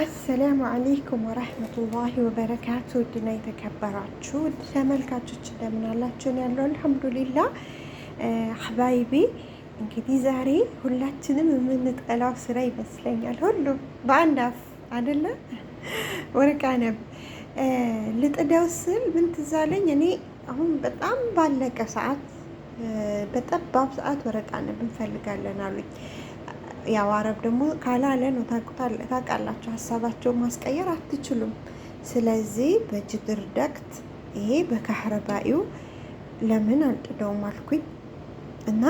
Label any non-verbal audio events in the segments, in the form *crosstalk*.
አሰላሙ አሌይኩም ወረህመቱላሂ ወበረካቱ። ውድና የተከበራችሁ ተመልካቾች እንደምን አላችሁን? ያለው አልሐምዱሊላ አህባይቤ። እንግዲህ ዛሬ ሁላችንም የምንጠላው ስራ ይመስለኛል። ሁሉም በአንድ አፍ አይደለ ወርቅ ልጥደው ስል ምን ትዝ አለኝ። እኔ አሁን በጣም ባለቀ ሰዓት፣ በጠባብ ሰዓት ወርቅ እንፈልጋለን አሉኝ። ያው አረብ ደግሞ ካላለ ነው ታውቃላችሁ፣ ሀሳባቸውን ማስቀየር አትችሉም። ስለዚህ በጅግር ደክት ይሄ በካህረባኢው ለምን አልጥደውም አልኩኝ እና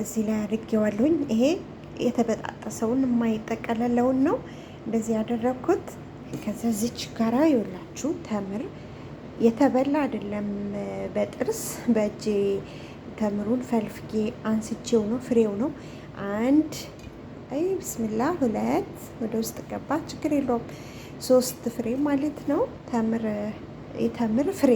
እዚህ ላይ አድርጌዋለሁኝ። ይሄ የተበጣጠሰውን የማይጠቀለለውን ነው እንደዚህ ያደረግኩት። ከዘዚች ጋራ ይውላችሁ ተምር የተበላ አይደለም። በጥርስ በእጄ ተምሩን ፈልፍጌ አንስቼው ነው ፍሬው ነው አንድ አይ ብስሚላ ሁለት ወደ ውስጥ ገባ። ችግር የለውም። ሶስት ፍሬ ማለት ነው። ተምር የተምር ፍሬ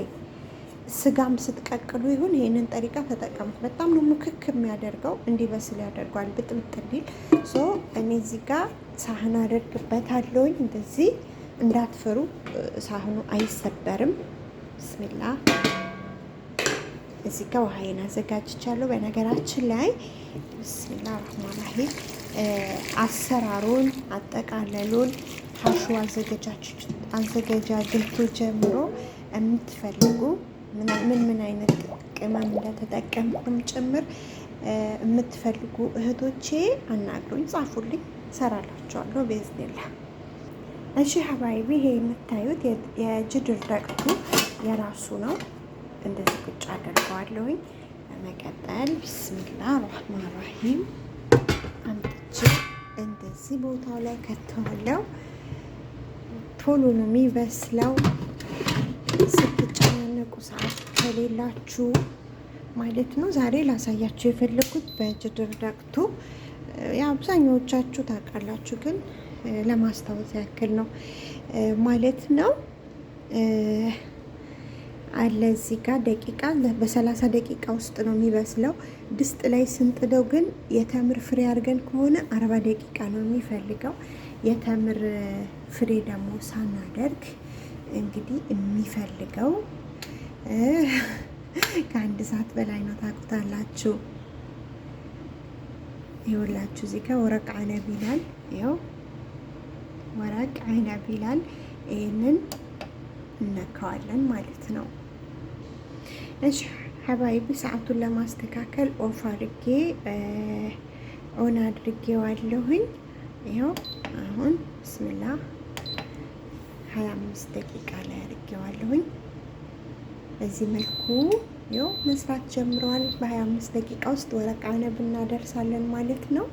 ስጋም ስትቀቅሉ ይሁን ይህንን ጠሪቃ ተጠቀሙት። በጣም ነው ሙክክ የሚያደርገው እንዲበስል ያደርገዋል። ብጥብጥ እንዲል ሶ እኔ እዚህ ጋር ሳህን አደርግበታለሁኝ። እንደዚህ እንዳትፈሩ፣ ሳህኑ አይሰበርም። ብስሚላ እዚህ ጋር ውሃዬን አዘጋጅቻለሁ። በነገራችን ላይ ብስሚላ ራህማን ራሂም አሰራሩን አጠቃለሉን ሀሹ አዘገጃጀቱ ጀምሮ የምትፈልጉ ምን ምን አይነት ቅመም እንደተጠቀምኩም ጭምር የምትፈልጉ እህቶቼ አናግሩኝ፣ ጻፉልኝ፣ ሰራላቸዋለሁ ቤዝኒላ። እሺ ሀባይቢ ይሄ የምታዩት የጅድር ደቅቱ የራሱ ነው። እንደዚህ ቁጭ አደርገዋለሁኝ። በመቀጠል ቢስሚላ ራህማን ራሂም አምጥቼ እንደዚህ ቦታው ላይ ከተዋለው። ቶሎ ነው የሚበስለው። ስትጨናነቁ ሰዓት ከሌላችሁ ማለት ነው። ዛሬ ላሳያችሁ የፈለግኩት በእጅ ድርዳቅቱ አብዛኛዎቻችሁ ታውቃላችሁ፣ ግን ለማስታወስ ያክል ነው ማለት ነው። አለ እዚህ ጋር ደቂቃ በሰላሳ ደቂቃ ውስጥ ነው የሚበስለው። ድስት ላይ ስንጥደው ግን የተምር ፍሬ አድርገን ከሆነ አርባ ደቂቃ ነው የሚፈልገው። የተምር ፍሬ ደግሞ ሳናደርግ እንግዲህ የሚፈልገው *laughs* ከአንድ ሰዓት በላይ ነው። ታቁታላችሁ። ይኸውላችሁ እዚህ ጋር ወረቅ አይነብ ይላል። ይኸው ወረቅ አይነብ ይላል። ይህንን እነካዋለን ማለት ነው። እሺ ሀባይቢ ሰዓቱን ለማስተካከል ኦፍ አድርጌ ኦን አድርጌዋለሁኝ። ይኸው አሁን ብስምላ ሀያ አምስት ደቂቃ ላይ አድርጌዋለሁኝ። በዚህ መልኩ ይኸው መስራት ጀምረዋል። በሀያ አምስት ደቂቃ ውስጥ ወረቃ ነብ እናደርሳለን ማለት ነው።